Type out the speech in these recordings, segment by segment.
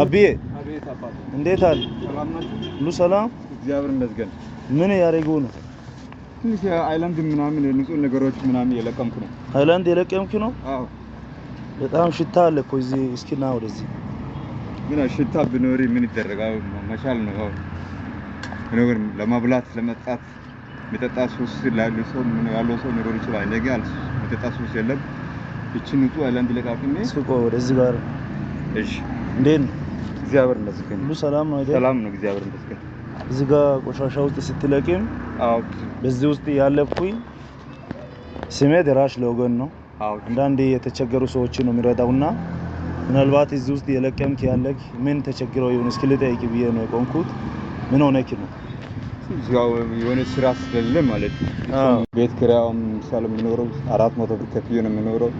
አብዬ እንዴት አለ? ሁሉ ሰላም? እግዚአብሔር ይመስገን። ምን ያደረጉ ነው? ትንሽ አይላንድ ምናምን ንጹህ ነገሮች ምናምን የለቀምኩ ነው። አይላንድ የለቀምኩ ነው? አዎ። በጣም ሽታ አለ እኮ እዚህ። እስኪ ና ወደዚህ። ምን ሽታ ብኖሪ ምን ይደረጋል? መቻል ነው። አዎ። ነገር ለማብላት ለመጣት የሚጠጣ ሱስ ያለው ሰው ምን ያለው ሰው ሊኖር ይችላል። ነገ የሚጠጣ ሱስ የለም። እቺ ንጹህ አይላንድ ለቃቅሜ ስቆ ወደዚህ ጋር እሺ። እንዴት ነው? እግዚአብሔር ይመስገን ሁሉ ሰላም ነው አይደል? ሰላም ነው፣ እግዚአብሔር ይመስገን። እዚህ ጋር ቆሻሻ ውስጥ ስትለቅም፣ አዎ፣ በዚህ ውስጥ ያለፍኩኝ ስሜ ደራሽ ለወገን ነው። አንዳንዴ የተቸገሩ ሰዎችን ነው የሚረዳውና ምናልባት እዚህ ውስጥ የለቀምክ ያለክ ምን ተቸግረው ይሁን እስኪ ልጠይቅ ብዬ ነው የቆምኩት። ምን ሆነክ ነው? የሆነ ስራ ስለሌለ ማለት ቤት ኪራይ ምሳሌ የምኖረው አራት መቶ ብር ከፍዬ ነው የምኖረው።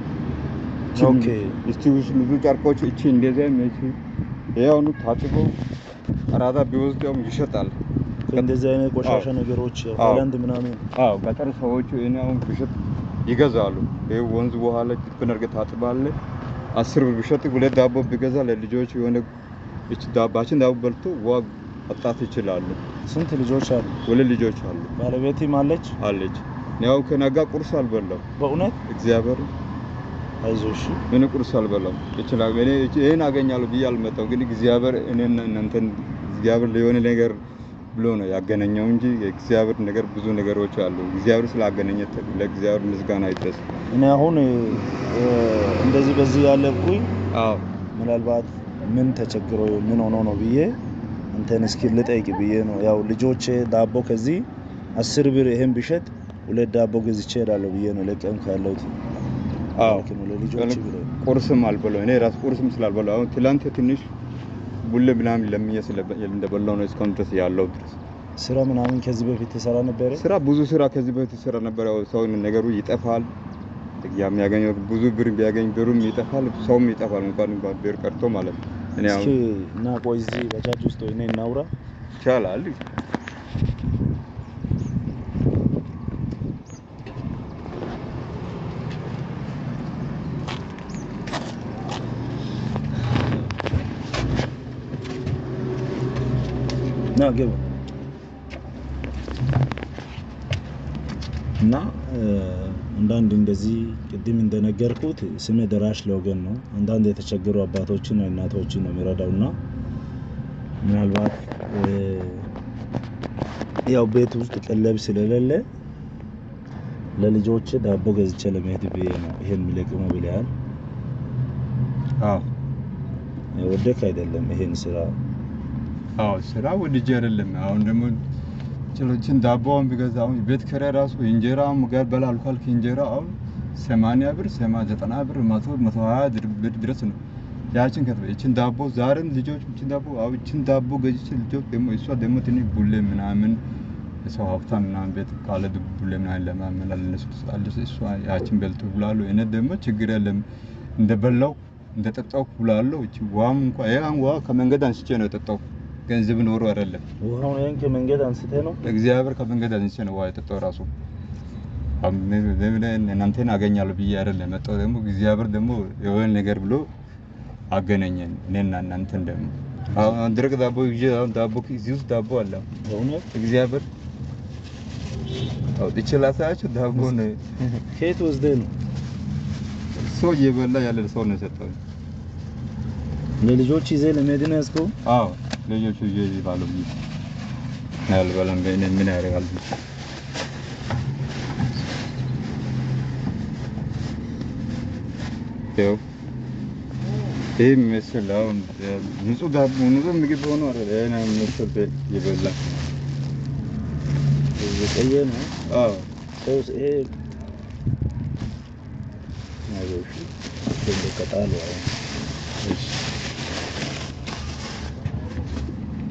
ኦኬ እስቲ ብዙ ጨርቆች እቺ እንደዚያ ያውኑ ታጥቦ ቀራጣ ቢወስድ ይሸጣል። እንደዚህ አይነት ቆሻሻ ነገሮች ሆላንድ ምናምን፣ አዎ ገጠር ሰዎቹ እኔ አሁን ይገዛሉ። ይህ ወንዝ ውሃ ጭፍን እርገ ታጥባለ። አስር ብር ብሸጥ ሁለት ዳቦ ቢገዛ ለልጆች የሆነ ዳባችን ዳቦ በልቶ ዋ አጣት ይችላሉ። ስንት ልጆች አሉ? ሁለት ልጆች አሉ። ባለቤትም አለች አለች። ያው ከነጋ ቁርስ አልበላው በእውነት እግዚአብሔር አይዞሽ እኔ ቁርስ አልበላም። ይችላል እኔ ይሄን አገኛለሁ ብዬ አልመጣሁ፣ ግን እግዚአብሔር እኔና እናንተን እግዚአብሔር ለሆነ ነገር ብሎ ነው ያገናኘው እንጂ የእግዚአብሔር ነገር ብዙ ነገሮች አሉ። እግዚአብሔር ስላገናኘ ለእግዚአብሔር ምስጋና ይድረስ። እኔ አሁን እንደዚህ በዚህ ያለብኩኝ አዎ፣ ምናልባት ምን ተቸግሮ ምን ሆኖ ነው ብዬ እንትን እስኪ ልጠይቅ ብዬ ነው። ያው ልጆቼ ዳቦ ከዚህ አስር ብር ይሄን ብሸጥ ሁለት ዳቦ ገዝቼ እሄዳለሁ ብዬ ነው ለቀም ካለሁት ቁርስም አልበላው እኔ ራስ ቁርስም ስላልበላው አሁን ትላንት ትንሽ ቡሌ ምናምን ለምኜ እንደበላው ነው እስካሁን ድረስ ያለው ድረስ ስራ ምናምን ከዚህ በፊት ይሰራ ነበረ። ስራ ብዙ ስራ ከዚህ በፊት ይሰራ ነበረ። ሰው ነገሩ ይጠፋል፣ የሚያገኘው ብዙ ብር ቢያገኝ ብሩም ይጠፋል፣ ሰውም ይጠፋል። እንኳን እንኳን ብር ቀርቶ ማለት ነው። እና ቆይ እዚህ በቻች ውስጥ ወይ እናውራ ይቻላል። No, give him. እና አንዳንድ እንደዚህ ቅድም እንደነገርኩት ስመ ደራሽ ለወገን ነው። አንዳንድ የተቸገሩ አባቶችን እናቶችን ነው የሚረዳው እና ምናልባት ያው ቤት ውስጥ ቀለብ ስለሌለ ለልጆች ዳቦ ገዝቼ ለመሄድ ብዬ ነው ይሄን የሚለቅመው ብለሃል። አዎ ወደክ አይደለም ይሄን ስራ አዎ ስራ ወድጄ አይደለም። አሁን ደግሞ ጭሎችን ዳቦውን ቢገዛ አሁን ቤት ኪራይ ራሱ እንጀራም ጋር በላ አልኳልክ እንጀራ አሁን 80 ብር ዘጠና ብር መቶ 120 ድረስ ነው። ያችን ከት እቺን ዳቦ ዛሬም ልጆች እቺን ዳቦ አሁን እቺን ዳቦ ገዝቼ ልጆች ደግሞ እሷ ደግሞ ትንሽ ቡሌ ምናምን ሰው ሀብታም ምናምን ቤት ካለ ቡሌ ምናምን ለማመላለስ እሷ ያችን በልቶ ብላሉ። እኔ ደግሞ ችግር የለም እንደበላው እንደጠጣው ብላሉ። ዋም እንኳ ያን ዋ ከመንገድ አንስቼ ነው የጠጣው። ገንዘብ ኖሮ አይደለም። ውሃውን ያን ከመንገድ አንስተ ነው እግዚአብሔር ከመንገድ አንስቼ ነው ውሃ የጠጣው ራሱ እናንተን አገኛለሁ ብዬ አይደለም መጣሁ። ደግሞ እግዚአብሔር ደግሞ የሆነ ነገር ብሎ አገናኘን እኔና እናንተን። ደግሞ አሁን ድረቅ ዳቦ ይዤ አሁን ዳቦ እዚህ ውስጥ ዳቦ አለ እግዚአብሔር አውጥቼ ላሳያቸው ዳቦ ነው። ከየት ወስደህ ነው? ሰው እየበላ ያለ ሰው ነው የሰጠው። ለልጆች ይዘህ ለመድን ያዝከው? አዎ Recep Türkiye'yi bağlı bir. Hayal balam beynin bin ayrı kaldı. Yok. İyi mesela Nasıl da bunu da mı gibi onu var. Yani nasıl bir böyle. İyi mi? Aa. Söz iyi. Ne görüşürüz? Şimdi katar var. Teşekkür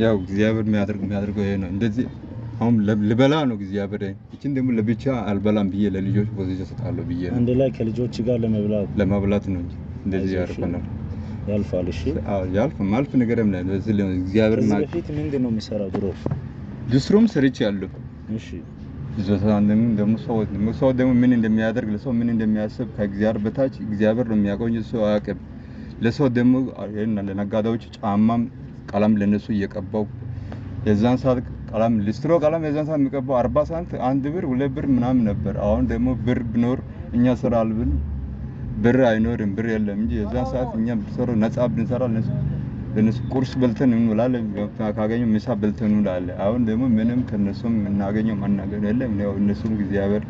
ያው እግዚአብሔር የሚያደርግ የሚያደርገው ይሄ ነው። እንደዚህ አሁን ልበላ ነው እግዚአብሔር እቺን ደግሞ ለብቻ አልበላም ብዬ ለልጆች ወዝጄ ሰጣለሁ ብዬ አንድ ላይ ከልጆች ጋር ለመብላት ለመብላት ነው እንጂ እንደዚህ ያርፈናል ያልፋል። እሺ ያልፍ ማልፍ ነገርም ላይ በዚህ እግዚአብሔር ማለት በፊት ምንድን ነው የሚሰራው? ድሮ ድስሩም ሰርች ያለው እሺ ዘሳንም ደግሞ ሰው ደግሞ ሰው ደግሞ ምን እንደሚያደርግ ለሰው ምን እንደሚያስብ ከእግዚአብሔር በታች እግዚአብሔር ነው የሚያቆኝ ሰው አያውቅም። ለሰው ደግሞ ለነጋዳዎች ጫማም ቀለም ለነሱ እየቀባው የዛን ሰዓት ቀለም ሊስትሮ ቀለም የዛን ሰዓት የሚቀባው 40 ሳንት አንድ ብር ሁለት ብር ምናምን ነበር። አሁን ደግሞ ብር ቢኖር እኛ ስራ አልብን ብር አይኖርም ብር የለም እንጂ የዛን ሰዓት እኛ ብትሰሩ ነጻ ብንሰራ ለነሱ ቁርስ በልተን እንውላለን፣ ካገኘ ምሳ በልተን እንውላለን። አሁን ደግሞ ምንም ከነሱም እናገኘው ማናገር የለም። እነሱም እግዚአብሔር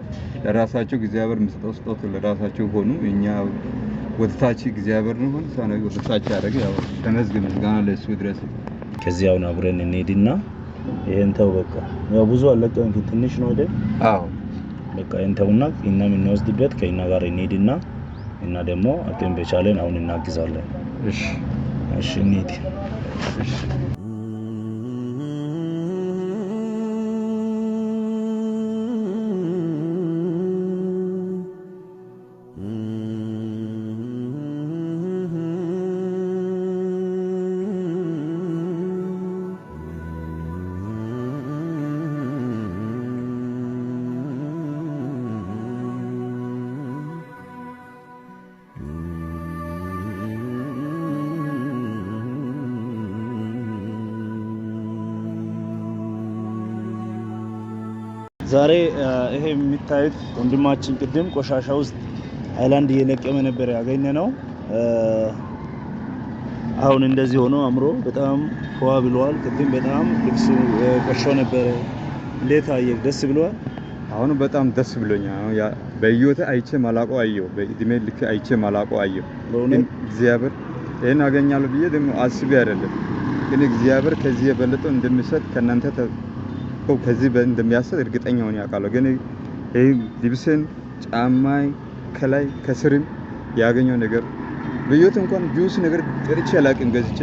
ለራሳቸው እግዚአብሔር የሚሰጠው ስጦት ለራሳቸው ሆኑ እኛ ወደታች እግዚአብሔር ነው ወደታች ያደረገ ያው ተመስገን፣ ምስጋና ለእሱ ድረስ። ከዚህ አሁን አብረን እንሄድና ይሄን ተው በቃ ያው ብዙ አለቀን፣ ትንሽ ነው አይደል? አዎ በቃ እንተውና እና የምንወስድበት ከእና ጋር እንሄድና እና ደግሞ አቅም በቻለን አሁን እናግዛለን። እሺ እሺ፣ እንሂድ። እሺ ዛሬ ይሄ የሚታዩት ወንድማችን ቅድም ቆሻሻ ውስጥ ሃይላንድ እየለቀመ ነበር ያገኘ ነው። አሁን እንደዚህ ሆኖ አምሮ በጣም ከዋ ብለዋል። ቅድም በጣም ልብሱ ቆሾ ነበረ። እንዴት አየ? ደስ ብለዋል? አሁን በጣም ደስ ብሎኛል። በህይወቴ አይቼ ማላቆ አየሁ። በእድሜ ልክ አይቼ ማላቆ አየሁ። እግዚአብሔር ይህን አገኛለሁ ብዬ ደግሞ አስቤ አይደለም፣ ግን እግዚአብሔር ከዚህ የበለጠው እንደሚሰጥ ከእናንተ እኮ ከዚህ እንደሚያስብ እርግጠኛ ሆኜ አውቃለሁ። ግን ይህ ልብስን ጫማይ ከላይ ከስርም ያገኘው ነገር ብዮት እንኳን ጁስ ነገር ጥርቼ አላውቅም። ገዝቼ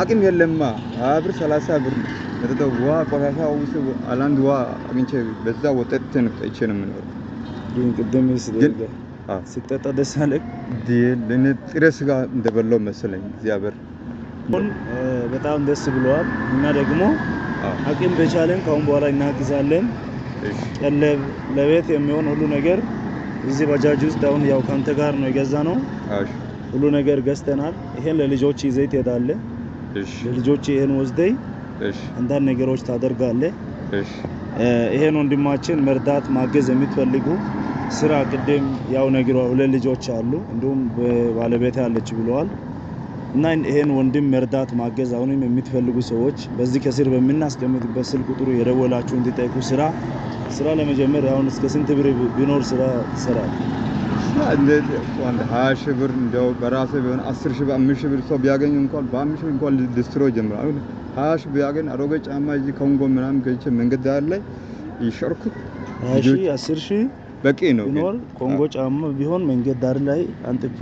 አቅም የለማ አብር ሰላሳ ብር ነው ዋ ቆሻሻ ውስጥ አላንድ ዋ አግኝቼ በዛ ወጠት ነው ጠይቼ ነው የምኖር። ግን ቅድም ስጠጣ ደስ አለህ? ጥሬ ስጋ እንደበላው መሰለኝ። እግዚአብሔር በጣም ደስ ብለዋል እና ደግሞ አቅም በቻለን ከአሁን በኋላ እናግዛለን። ቀለብ፣ ለቤት የሚሆን ሁሉ ነገር እዚህ ባጃጅ ውስጥ አሁን ያው ካንተ ጋር ነው የገዛ ነው ሁሉ ነገር ገዝተናል። ይሄን ለልጆች ይዘህ ትሄዳለህ። ለልጆች ይሄን ወስደህ አንዳንድ ነገሮች ታደርጋለህ። ይሄን ወንድማችን መርዳት ማገዝ የሚትፈልጉ ስራ ቅድም ያው ነግሯል። ሁለት ልጆች አሉ እንዲሁም ባለቤት ያለች ብለዋል። እና ይሄን ወንድም መርዳት ማገዝ አሁንም የምትፈልጉ ሰዎች በዚህ ከስር በምናስቀምጥበት ስልክ ቁጥሩ የደወላችሁ እንዲጠይቁ ስራ ስራ ለመጀመር አሁን እስከ ስንት ብር ቢኖር ስራ ይሰራል? ሀያ ሺህ ብር እንደው በራሴ ቢሆን አስር ሺህ በአምስት ሺህ ብር ሰው ቢያገኝ እንኳን በአምስት ሺህ እንኳን ሊስትሮ ይጀምራል። ሀያ ሺህ ቢያገኝ አሮጌ ጫማ እዚህ ከንጎ ምናምን ገኝቼ መንገድ ዳር ላይ ይሸርኩ አስር ሺህ በቂ ነው። ቢኖር ኮንጎ ጫማ ቢሆን መንገድ ዳር ላይ አንጥፌ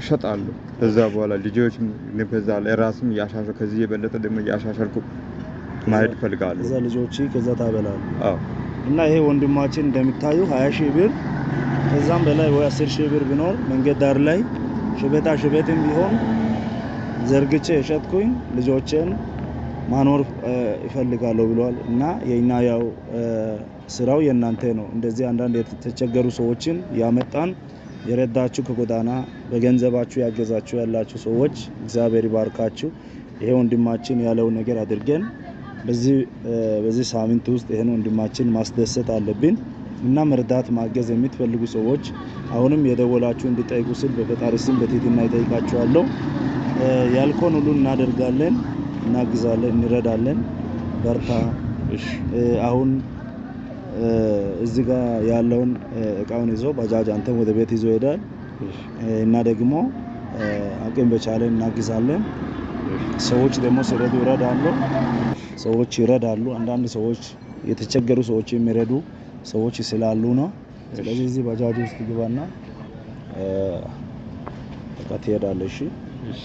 እሸጣለሁ። ከዛ በኋላ ልጆች ከዛ ራስም ያሻሸ ከዚህ የበለጠ ደግሞ ያሻሻልኩ ማሄድ እፈልጋለሁ። ከዛ ልጆች ከዛ ታበላል። አዎ እና ይሄ ወንድማችን እንደሚታዩ 20 ሺህ ብር ከዛም በላይ ወይ 10 ሺህ ብር ቢኖር መንገድ ዳር ላይ ሽበታ ሽበትም ቢሆን ዘርግቼ እሸጥኩኝ ልጆችን ማኖር ይፈልጋለሁ ብሏል። እና የኛ ያው ስራው የእናንተ ነው። እንደዚህ አንዳንድ የተቸገሩ ሰዎችን ያመጣን የረዳችሁ ከጎዳና በገንዘባችሁ ያገዛችሁ ያላችሁ ሰዎች እግዚአብሔር ይባርካችሁ። ይሄ ወንድማችን ያለው ነገር አድርገን በዚህ ሳምንት ውስጥ ይህን ወንድማችን ማስደሰት አለብን እና መርዳት ማገዝ የምትፈልጉ ሰዎች አሁንም የደወላችሁ እንዲጠይቁ ስል በፈጣሪ ስም በትህትና ይጠይቃችኋለሁ። ያልኮን ሁሉ እናደርጋለን፣ እናግዛለን፣ እንረዳለን። በርታ። አሁን እዚ ጋ ያለውን እቃውን ይዞ ባጃጅ አንተም ወደ ቤት ይዞ ይሄዳል እና ደግሞ አቅም በቻለን እናግዛለን። ሰዎች ደግሞ ሲረዱ ይረዳሉ። ሰዎች ይረዳሉ። አንዳንድ ሰዎች የተቸገሩ ሰዎች የሚረዱ ሰዎች ስላሉ ነው። ስለዚህ እዚህ ባጃጅ ውስጥ ግባና በቃ ትሄዳለህ። እሺ